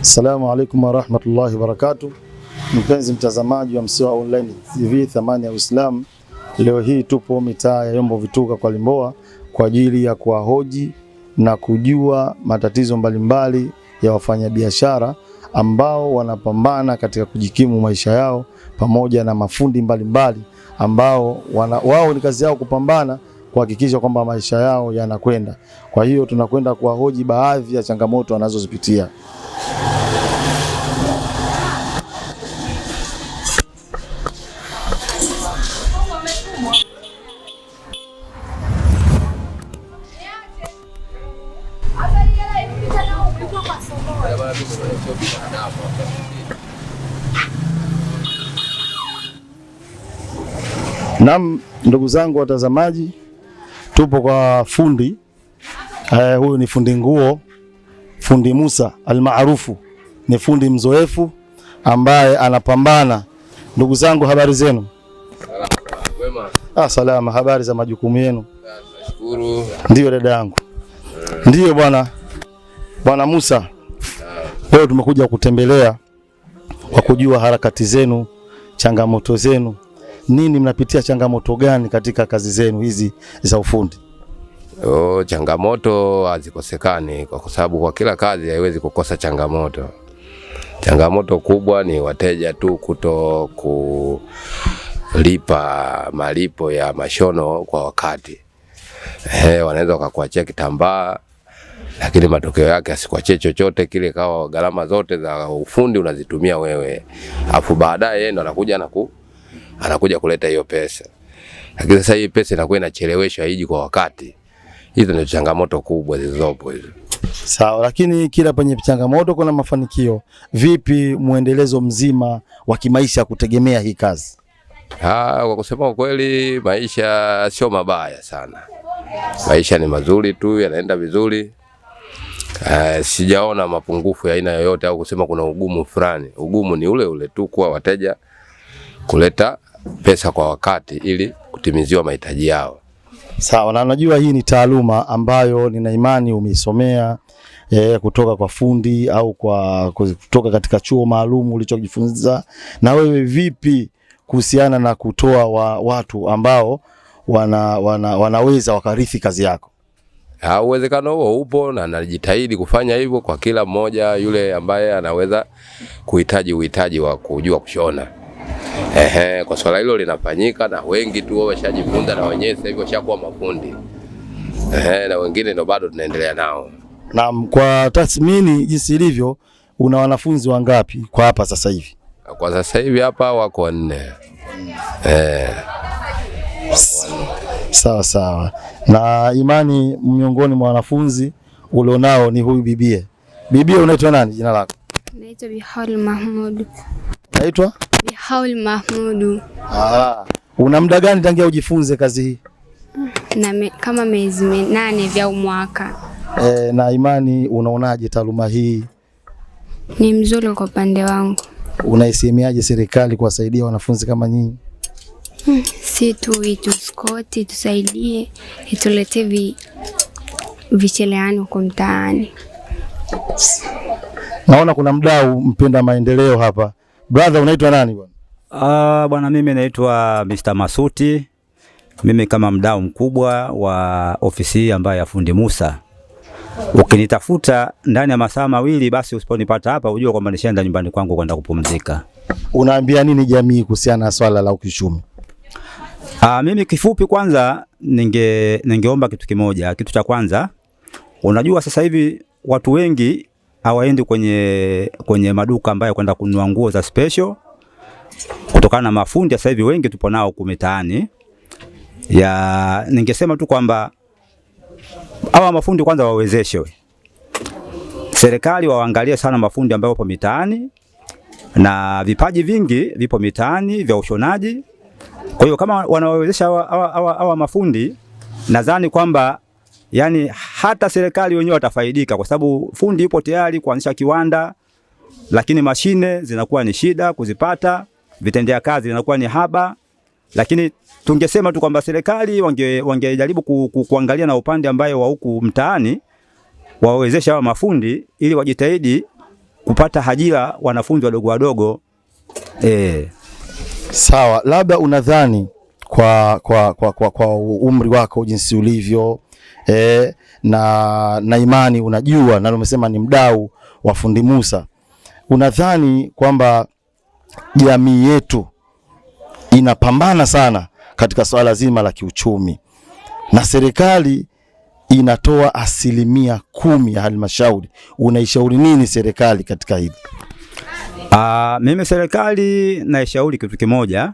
Assalamu alaikum warahmatullahi wabarakatu mpenzi mtazamaji wa Msewa Online TV, thamani ya Uislamu. Leo hii tupo mitaa ya Yombo Vituka kwa Limboa kwa ajili ya kuwahoji na kujua matatizo mbalimbali ya wafanyabiashara ambao wanapambana katika kujikimu maisha yao pamoja na mafundi mbalimbali ambao wao ni kazi yao kupambana kuhakikisha kwamba maisha yao yanakwenda. Kwa hiyo tunakwenda kuwahoji baadhi ya changamoto wanazozipitia. Naam, ndugu zangu watazamaji tupo kwa fundi eh, huyu ni fundi nguo, fundi Musa almaarufu, ni fundi mzoefu ambaye anapambana. Ndugu zangu, habari zenu? Ah, salama. Habari za majukumu yenu? Ah, Ndio dada yangu, hmm. ndiyo bwana bwana Musa, ah. leo tumekuja kutembelea kwa kujua harakati zenu, changamoto zenu nini, mnapitia changamoto gani katika kazi zenu hizi za ufundi? Oh, changamoto hazikosekani kwa sababu kwa kila kazi haiwezi kukosa changamoto. Changamoto kubwa ni wateja tu kuto kulipa malipo ya mashono kwa wakati. Eh, wanaweza wakakuachia kitambaa lakini matokeo yake asikuachie chochote kile, kawa gharama zote za ufundi unazitumia wewe, afu baadaye ndo anakuja ku anakuja kuleta hiyo pesa. Lakini sasa hii pesa inakuwa inacheleweshwa, haiji kwa wakati. Hizo ndio changamoto kubwa zilizopo hizo. Sawa, lakini kila penye changamoto kuna mafanikio. Vipi mwendelezo mzima wa kimaisha kutegemea hii kazi? Ha, kwa kusema kweli maisha sio mabaya sana, maisha ni mazuri tu, yanaenda vizuri. Uh, sijaona mapungufu ya aina yoyote au kusema kuna ugumu fulani. Ugumu ni ule ule tu, kuwa wateja kuleta pesa kwa wakati ili kutimiziwa mahitaji yao. Sawa, na najua hii ni taaluma ambayo nina imani umeisomea e, kutoka kwa fundi au kwa kutoka katika chuo maalum ulichojifunza. Na wewe vipi kuhusiana na kutoa wa watu ambao wana, wana, wanaweza wakarithi kazi yako? Ha, uwezekano huo upo na najitahidi kufanya hivyo kwa kila mmoja yule ambaye anaweza kuhitaji uhitaji wa kujua kushona. Ehe, kwa swala hilo linafanyika na wengi tu wao washajifunza na wenyewe sasa hivi washakuwa mafundi. Ehe, na wengine ndio bado tunaendelea nao. Na kwa tathmini jinsi ilivyo, una wanafunzi wangapi kwa hapa sasa hivi? Kwa sasa hivi hapa wako wanne. Ehe. Sawa sawa. Na imani miongoni mwa wanafunzi ulionao ni huyu bibie. Bibie unaitwa nani jina lako? Naitwa Bihal Mahmud. Naitwa Haul Mahmudu. Ah, una muda gani tangia ujifunze kazi hii? Na me, kama miezi minane vya mwaka. E, na Imani, unaonaje taaluma hii? Ni mzuri kwa upande wangu. Unaisemiaje serikali kuwasaidia wanafunzi kama nyinyi? Hmm, si tu ituskoti tusaidie, itulete vi, vicheleano kwa mtaani. Naona kuna mdau mpenda maendeleo hapa Brother, unaitwa nani bwana? Uh, bwana mimi naitwa Mr. Masuti. Mimi kama mdau mkubwa wa ofisi hii ambayo ya fundi Musa. Ukinitafuta ndani ya masaa mawili basi usiponipata hapa ujue kwamba nishaenda nyumbani kwangu kwenda kupumzika. Unaambia nini jamii kuhusiana na swala la ukishumi? Aa, ah, mimi kifupi kwanza ninge ningeomba kitu kimoja. Kitu cha kwanza, unajua sasa hivi watu wengi hawaendi kwenye, kwenye maduka ambayo kwenda kununua nguo za special kutokana na mafundi sasa hivi wengi tupo nao kumitaani ya, ningesema tu kwamba hawa mafundi kwanza wawezeshwe, serikali waangalie sana mafundi ambao wapo mitaani na vipaji vingi vipo mitaani vya ushonaji. Kwa hiyo kama wanawawezesha hawa mafundi, nadhani kwamba yani hata serikali wenyewe watafaidika, kwa sababu fundi yupo tayari kuanzisha kiwanda, lakini mashine zinakuwa ni shida kuzipata, vitendea kazi vinakuwa ni haba. Lakini tungesema tu kwamba serikali wangejaribu wange, ku, ku, kuangalia na upande ambayo wa huku mtaani, wawezesha hawa mafundi ili wajitahidi kupata ajira wanafunzi wadogo wadogo. E. Sawa, labda unadhani kwa, kwa, kwa, kwa, kwa umri wako jinsi ulivyo e, na, na imani unajua, na umesema ni mdau wa fundi Musa, unadhani kwamba jamii yetu inapambana sana katika swala zima la kiuchumi na serikali inatoa asilimia kumi ya halmashauri, unaishauri nini serikali katika hili? Uh, mimi serikali naishauri kitu kimoja,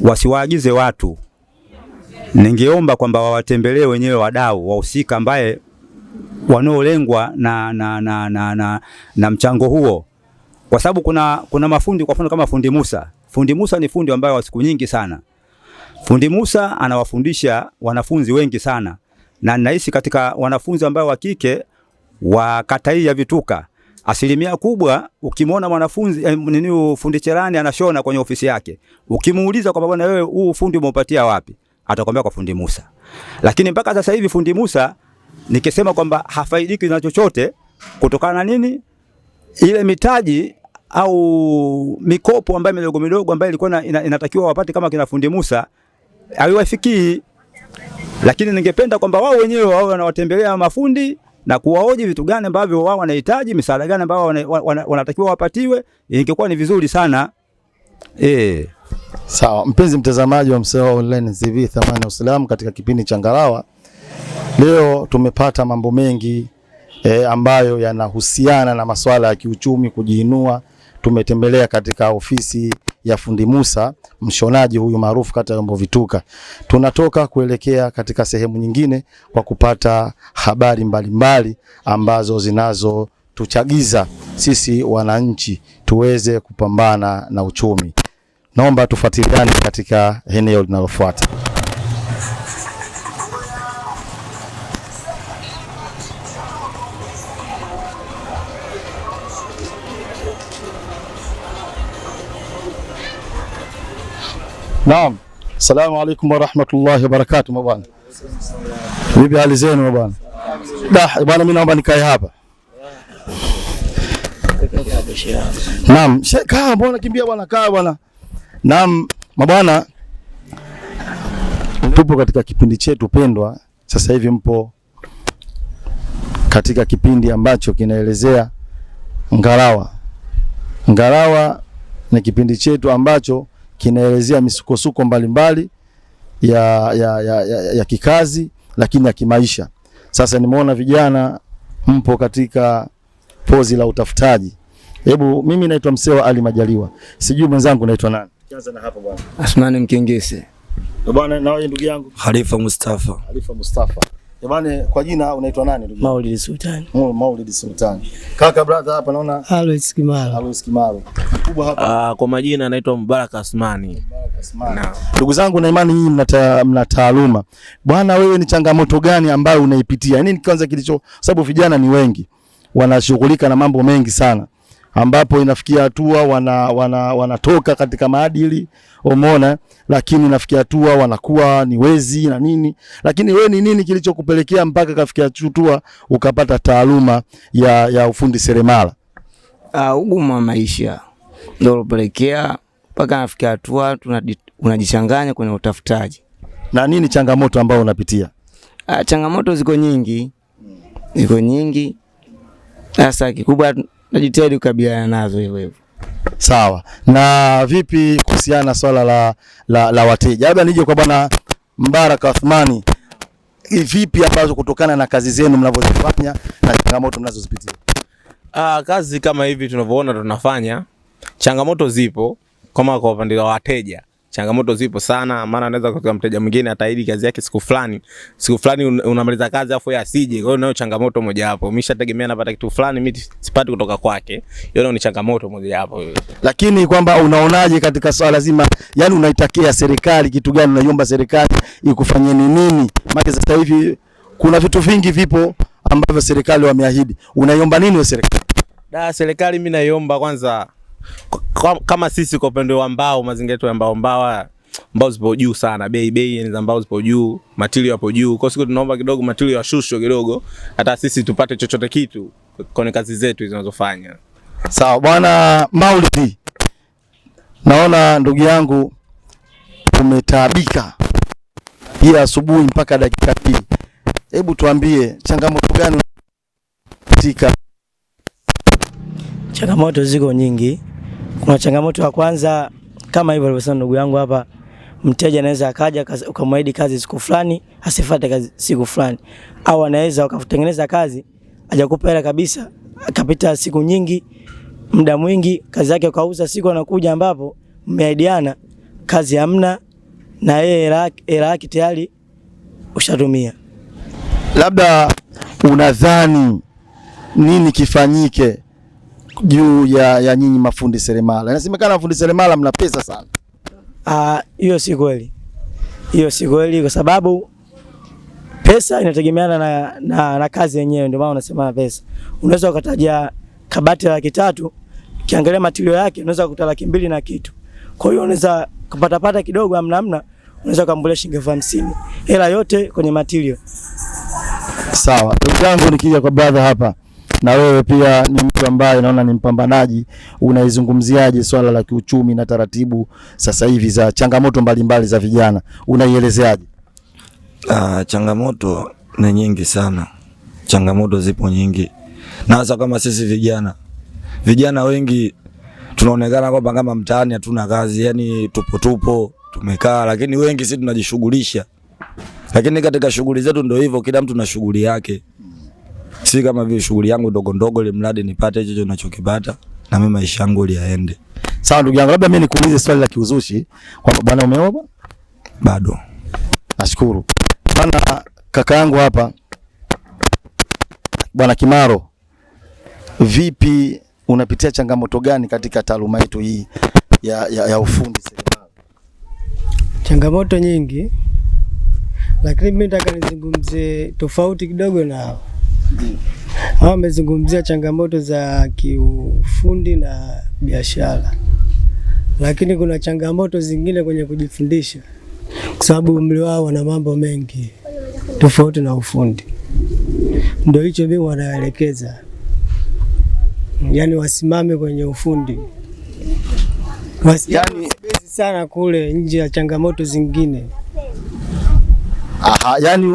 wasiwaagize watu ningeomba kwamba wawatembelee wenyewe wadau wahusika ambaye wanaolengwa na, na, na, na, na, na mchango huo, kwa sababu kuna, kuna mafundi kwa mfano kama fundi Musa. Fundi Musa ni fundi ambaye wa siku nyingi sana. Fundi Musa anawafundisha wanafunzi wengi sana, na ninahisi katika wanafunzi ambao wa kike wa kata hii ya Vituka asilimia kubwa ukimwona mwanafunzi eh, nini fundi cherani anashona kwenye ofisi yake, ukimuuliza kwamba bwana, wewe huu fundi umeupatia wapi? atakwambia kwa fundi Musa. Lakini mpaka sasa hivi fundi Musa nikisema kwamba hafaidiki na chochote kutokana na nini, ile mitaji au mikopo ambayo midogo midogo ambayo ilikuwa ina, ina, inatakiwa wapate kama kina fundi Musa haiwafikii. Lakini ningependa kwamba wao wenyewe wao wanawatembelea mafundi na kuwaoji vitu gani ambavyo wao wanahitaji, misaada gani ambayo wanatakiwa wapatiwe, ingekuwa ni vizuri sana eh. Sawa, mpenzi mtazamaji wa Msewa Online TV, thamani ya Uislamu, katika kipindi cha Ngalawa leo tumepata mambo mengi e, ambayo yanahusiana na masuala ya kiuchumi kujiinua. Tumetembelea katika ofisi ya fundi Musa mshonaji huyu maarufu kata Yombo Vituka. Tunatoka kuelekea katika sehemu nyingine kwa kupata habari mbalimbali mbali ambazo zinazotuchagiza sisi wananchi tuweze kupambana na uchumi. Naomba tufuatiliane katika eneo linalofuata. Naam, assalamu alaikum warahmatullahi wabarakatuh. Mabwana, vipi hali zenu mabwana? Da bwana, mimi naomba nikae hapa. Naam, kaa, mbona kimbia bwana, kaa bwana Naam, mabwana, tupo katika kipindi chetu pendwa. Sasa hivi mpo katika kipindi ambacho kinaelezea ngalawa. Ngalawa ni kipindi chetu ambacho kinaelezea misukosuko mbalimbali ya, ya, ya, ya, ya kikazi lakini ya kimaisha. Sasa nimeona vijana mpo katika pozi la utafutaji. Hebu mimi naitwa Msewa Ali Majaliwa, sijui mwenzangu naitwa nani? Kianza na hapa bwana. Asmani Mkengese. Bwana na wewe ndugu yangu? Khalifa Mustafa. Khalifa Mustafa. Bwana kwa jina unaitwa nani ndugu? Maulid Sultan. Oh, Maulid Sultan. Kaka brother hapa naona Alois Kimaro. Alois Kimaro. Kubwa hapa. Ah, kwa majina anaitwa Mubarak Asmani. Mubarak Asmani. Ndugu zangu na imani hii mnata, mnataaluma. Bwana wewe ni changamoto gani ambayo unaipitia? Yaani kwanza kilicho sababu vijana ni wengi. Wanashughulika na mambo mengi sana ambapo inafikia hatua wana, wana, wanatoka katika maadili umeona, lakini inafikia hatua wanakuwa ni wezi na nini. Lakini we ni nini kilichokupelekea mpaka kafikia hatua ukapata taaluma ya, ya ufundi seremala? Uh, ugumu wa maisha ndio ulopelekea mpaka nafikia hatua unajichanganya kwenye utafutaji. Na nini changamoto ambayo unapitia? Uh, changamoto ziko nyingi, ziko nyingi. Sasa kikubwa najitahidi kukabiliana nazo hivyo hivyo. Sawa. Na vipi kuhusiana na swala la, la, la wateja? Labda nije kwa Bwana Mbaraka Athmani, vipi ambazo kutokana na kazi zenu mnavyozifanya na changamoto mnazozipitia? Ah, kazi kama hivi tunavyoona tunafanya, changamoto zipo kama kwa upande wa wateja changamoto zipo sana, maana anaweza kutoka mteja mwingine ataahidi kazi yake siku fulani, siku fulani unamaliza kazi afu yeye asije. Kwa hiyo nayo changamoto moja hapo, mimi shategemea napata kitu fulani mimi sipati kutoka kwake, hiyo ni changamoto moja hapo. Lakini kwamba unaonaje katika swala zima, yani unaitakia serikali kitu gani? Unaiomba serikali ikufanyie ni nini? Maana sasa hivi kuna vitu vingi vipo ambavyo serikali wameahidi, unaiomba nini wa serikali? Da, serikali mimi naiomba kwanza kama sisi kwa upande wa mbao, mazingira yetu ya mbao mbawa mbao zipo juu sana, bei bei za mbao zipo juu, matilio yapo juu. Kwa siku tunaomba kidogo ya yashushwe kidogo, hata sisi tupate chochote kitu kwenye kazi zetu zinazofanya. Sawa bwana Maulidi, naona ndugu yangu tumetaabika hii asubuhi mpaka dakika hii. Hebu tuambie changamoto gani katika Changamoto ziko nyingi. Kuna changamoto ya kwanza kama hivyo alivyosema ndugu yangu hapa, mteja anaweza akaja ukamwahidi kazi siku fulani, asifuate kazi siku fulani, au anaweza ukatengeneza kazi ajakupa hela kabisa, akapita siku nyingi, muda mwingi, kazi yake ukauza, siku anakuja ambapo mmeahidiana kazi hamna, na yeye hela yake tayari ushatumia. Labda unadhani nini kifanyike juu ya, ya nyinyi mafundi seremala. Inasemekana mafundi seremala mna pesa sana. Ah, hiyo si kweli, hiyo si kweli kwa sababu pesa inategemeana na, na, na kazi yenyewe. Ndio maana unasema pesa, unaweza ukataja kabati la laki tatu, ukiangalia matilio yake unaweza kukuta laki mbili na kitu. Kwa hiyo unaweza kupata pata kidogo, amna amna, unaweza kumbolea shilingi elfu hamsini hela yote kwenye matilio. Sawa, ndugu yangu, nikija kwa brother hapa na wewe pia ni mtu ambaye naona ni mpambanaji, unaizungumziaje swala la kiuchumi na taratibu sasa hivi za changamoto mbalimbali za vijana unaielezeaje? Uh, changamoto ni nyingi sana, changamoto zipo nyingi, na hasa kama sisi vijana vijana wengi tunaonekana kwamba kama mtaani hatuna kazi, yani tupo tupo tumekaa, lakini wengi sisi tunajishughulisha, lakini katika shughuli zetu ndio hivyo, kila mtu na shughuli yake si kama vile shughuli yangu ndogo ndogo, ile mradi nipate hicho ninachokipata na mimi maisha yangu ili yaende sawa. Ndugu yangu, labda mimi nikuulize swali la kiuzushi kwamba bwana, umeoa bado? Nashukuru bwana. Kaka yangu hapa bwana Kimaro, vipi, unapitia changamoto gani katika taaluma yetu hii ya, ya, ya ufundi seremala? Changamoto nyingi, lakini mimi nataka nizungumzie tofauti kidogo nao Hawa wamezungumzia changamoto za kiufundi na biashara, lakini kuna changamoto zingine kwenye kujifundisha, kwa sababu umri wao wana mambo mengi tofauti na ufundi. Ndio hicho mimi wanaelekeza, yaani wasimame kwenye ufundi yaani sana kule nje ya changamoto zingine. Aha, yani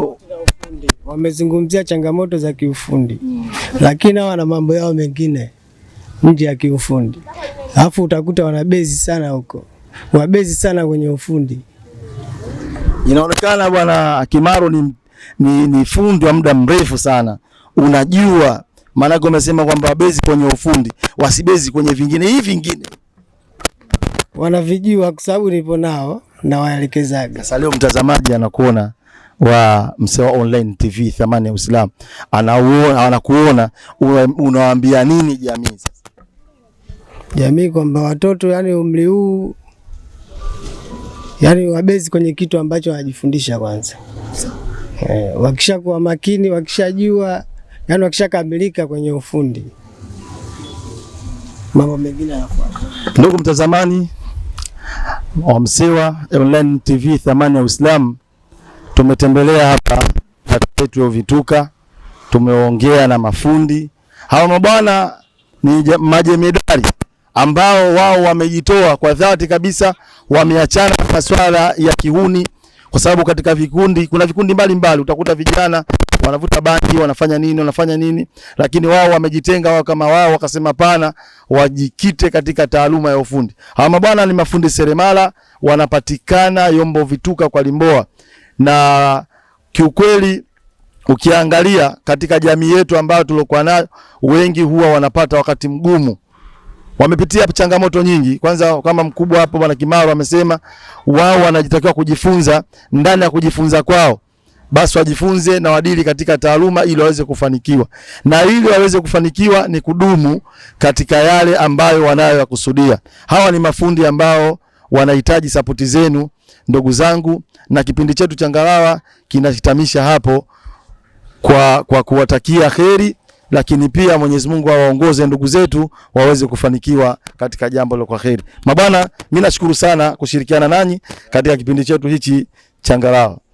wamezungumzia changamoto za kiufundi mm, lakini hawa na mambo yao mengine nje ya kiufundi, alafu utakuta wanabezi sana huko, wabezi sana kwenye ufundi. Inaonekana bwana Kimaro ni, ni, ni fundi wa muda mrefu sana, unajua maanake umesema kwamba wabezi kwenye ufundi, wasibezi kwenye vingine. Hivi vingine wanavijua kwa sababu nipo nao na waelekezaga. Sasa leo mtazamaji anakuona wa Msewa Online TV, thamani ya Uislamu, anakuona unawaambia nini jamii sasa? Jamii kwamba watoto yani umri huu yani wabezi kwenye kitu ambacho wanajifundisha kwanza. Eh, wakishakuwa makini, wakishajua yani wakishakamilika kwenye ufundi, mambo mengine yanafuata. Ndugu mtazamani wa Msewa Online TV, thamani ya Uislamu tumetembelea hapa kata yetu ya Vituka, tumeongea na mafundi hawa. Mabwana ni majemedari ambao wao wamejitoa kwa dhati kabisa, wameachana na masuala ya kihuni, kwa sababu katika vikundi kuna vikundi mbalimbali, utakuta vijana wanavuta bangi, wanafanya nini, wanafanya nini, lakini wao wamejitenga wao kama wao, wakasema pana, wajikite katika taaluma ya ufundi. Hawa mabwana ni mafundi seremala, wanapatikana Yombo Vituka kwa Limboa na kiukweli ukiangalia katika jamii yetu ambayo tuliokuwa nayo, wengi huwa wanapata wakati mgumu, wamepitia changamoto nyingi. Kwanza kama mkubwa hapo bwana Kimaro amesema wao wanajitakiwa kujifunza, ndani ya kujifunza kwao basi wajifunze na wadili katika taaluma ili waweze kufanikiwa, na ili waweze kufanikiwa ni kudumu katika yale ambayo wanayo ya kusudia. Hawa ni mafundi ambao wanahitaji sapoti zenu ndugu zangu, na kipindi chetu cha Ngalawa kinahitamisha hapo kwa, kwa kuwatakia kheri, lakini pia Mwenyezi Mungu awaongoze ndugu zetu waweze kufanikiwa katika jambo la kwa kheri. Mabwana, mimi nashukuru sana kushirikiana nanyi katika kipindi chetu hichi cha Ngalawa.